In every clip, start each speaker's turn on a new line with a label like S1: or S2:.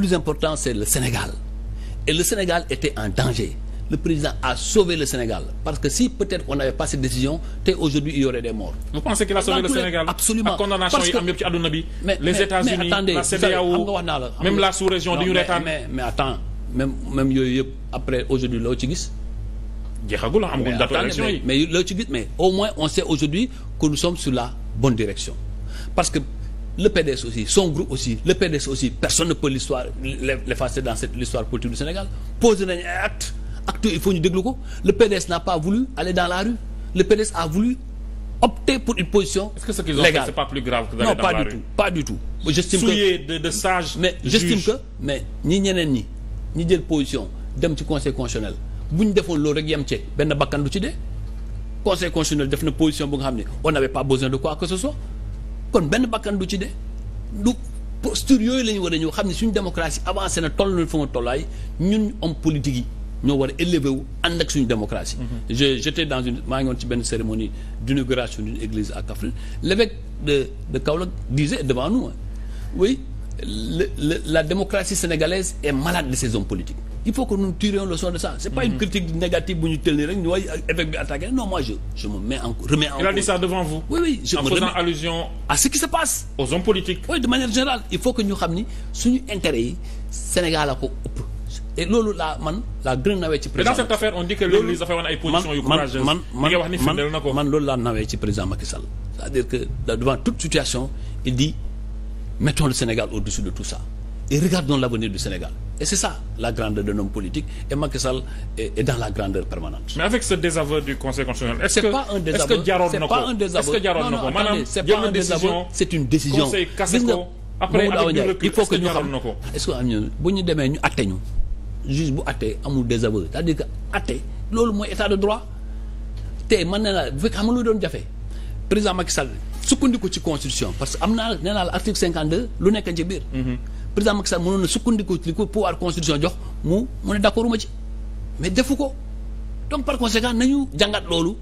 S1: plus important c'est le Sénégal et le Sénégal était en danger le président a sauvé le Sénégal parce que si peut-être on n'avait pas cette décision tey aujourd'hui il y aurait des morts. vous pensez qu'il a sauvé le Sénégal absolument bi. mais les États-Unis la CEDEAO même la sous-région dañu reetaan mais mais attends même même yooyu yëpp après aujourd'hui loo mais au moins on sait aujourd'hui que nous sommes sur la bonne direction le PDS aussi son groupe aussi le PDS aussi personne ne peut l'histoire l'effacer dans cette l'histoire politique du Sénégal posé nañu ay acte acte il faut ñu déglu ko le PDS n'a pas voulu aller dans la rue le PDS a voulu opter pour une position est la rue non pas du tout pas du tout j'estime que de, de sage mais j'estime que mais ñi ñeneen ñi jël position dem ci conseil constitutionnel bu ñu defoon loolu rek yem ci benn bakkan du ci dee conseil constitutionnel def na position bu nga xam ne on n'avait kon benn bakkan du ci de du posture yooyu la ñu war a ñëw xam ne suñu démocratie avancé na toll na fa ma tollaay ñun homme politique yi ñoo war a élevé wu ak suñu démocratie. Mm-hmm. je j'étais dans une maa ngi woon ci benn cérémonie d'inauguration d'une église à Kaffrine l'évêque de de Kaolack disait devant nous oui le, le, la démocratie sénégalaise est malade de ses hommes il faut que nous tirions le son de ça. c'est pas une mhm. critique négative bu ñu tël nii rek moi je me mets en remets en. il a dit ça devant vous. oui oui je me remets à ce qui se passe. aux hommes politiques. oui de manière générale il faut que ñu xam ni suñu intérêt yi Sénégal a ko et loolu laa man la gën a nawee ci président. mais dans cette affaire on dit nawee ci président Macky Sall. c'est-à-dire que devant toute situation il dit mettons le Sénégal au-dessus de tout ça et regardons l'avenir Et c'est ça la grandeur d'un homme politique. Et Macky Sall est, est, dans la grandeur permanente. Mais avec ce désaveu du Conseil constitutionnel, C'est pas un désaveu. non, non, c'est pas un désaveu, c'est une décision. Conseil Kaseko, après avec il faut que ñu xam est-ce que am ñu bu ñu demee ñu atte ñu juge bu atte amul désaveu cest dire que atte loolu mooy état de droit te man nee naa bu fekk doon jafe président Macky Sall sukkandiku ci constitution parce que am naa nee naa la article 52 lu nekk ci biir mhm. président Macky Sall mënoon na sukkandiku ci li ko pouvoir constitution jox mu mu ne d'accord uma ci mais defu ko donc par conséquent nañu jàngat loolu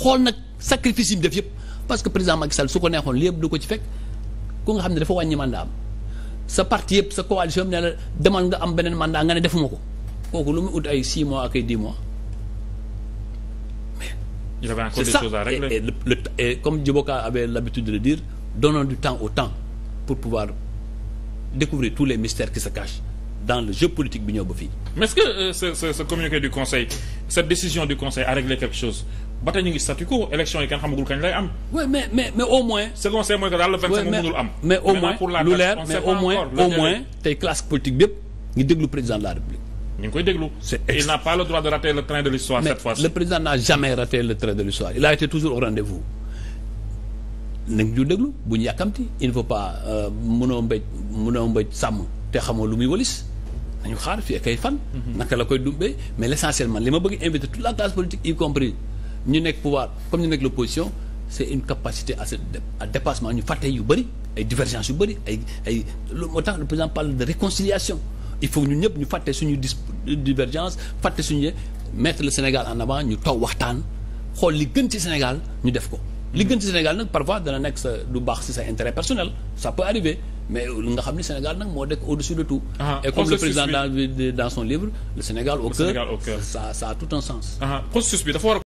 S1: xool nag sacrifice yi mu def yëpp parce que président Macky Sall su ko neexoon li yëpp du ko ci fekk ku nga xam ne dafa wàññi mandat am sa parti yëpp sa coalition am ne la demal nga am beneen mandat nga ne defuma ko kooku lu mu ut ay 6 mois ak ay 10 mois. Il avait encore des choses à régler. Et, et, le, le, et comme Djiboka avait l'habitude de le dire, découvrir tous les mystères qui se cachent dans le jeu politique bi ñëw mais euh, ce que ce communiqué du conseil cette décision du conseil a réglé quelque chose ba tey ñu ngi élection yi kenn xamagul kañ que daal mais au moins lu mais au moins au classe politique bépp ngi déglu président de la république. ñu ngi koy déglu. il n'a pas le droit de rater le train de l'histoire cette fois le président n'a jamais raté le train de l'histoire nañ ñu déglu bu ñu yàkkamti il ne faut pas euh, mënoo mbéj mënoo mbéj sàmm te xamoo lu muy walis nañu xaar fi ak ay fan. Mhm. naka la koy dumbee mais le essentiel man li ma bëgg invité toute la classe politique y compris ñu nekk pouvoir comme ñu nekk l' opposition c' une capacité à se à dépassement ñu fàtte yu bëri ay divergence yu bari ay ay lu moo tax le président parle de réconciliation il faut ñun ñëpp ñu fàtte suñu dis divergence fàtte suñu mettre le Sénégal en avant ñu toog waxtaan xool li gën ci ñu def ko. li gën ci Sénégal nag parfois dana nekk sa du baax ci intérêt personnel ça peut arriver mais nga xam ni Sénégal nag moo au-dessus de tout. Ah, et comme le président dans son livre le Sénégal au ça a tout un sens. Ah, processus bi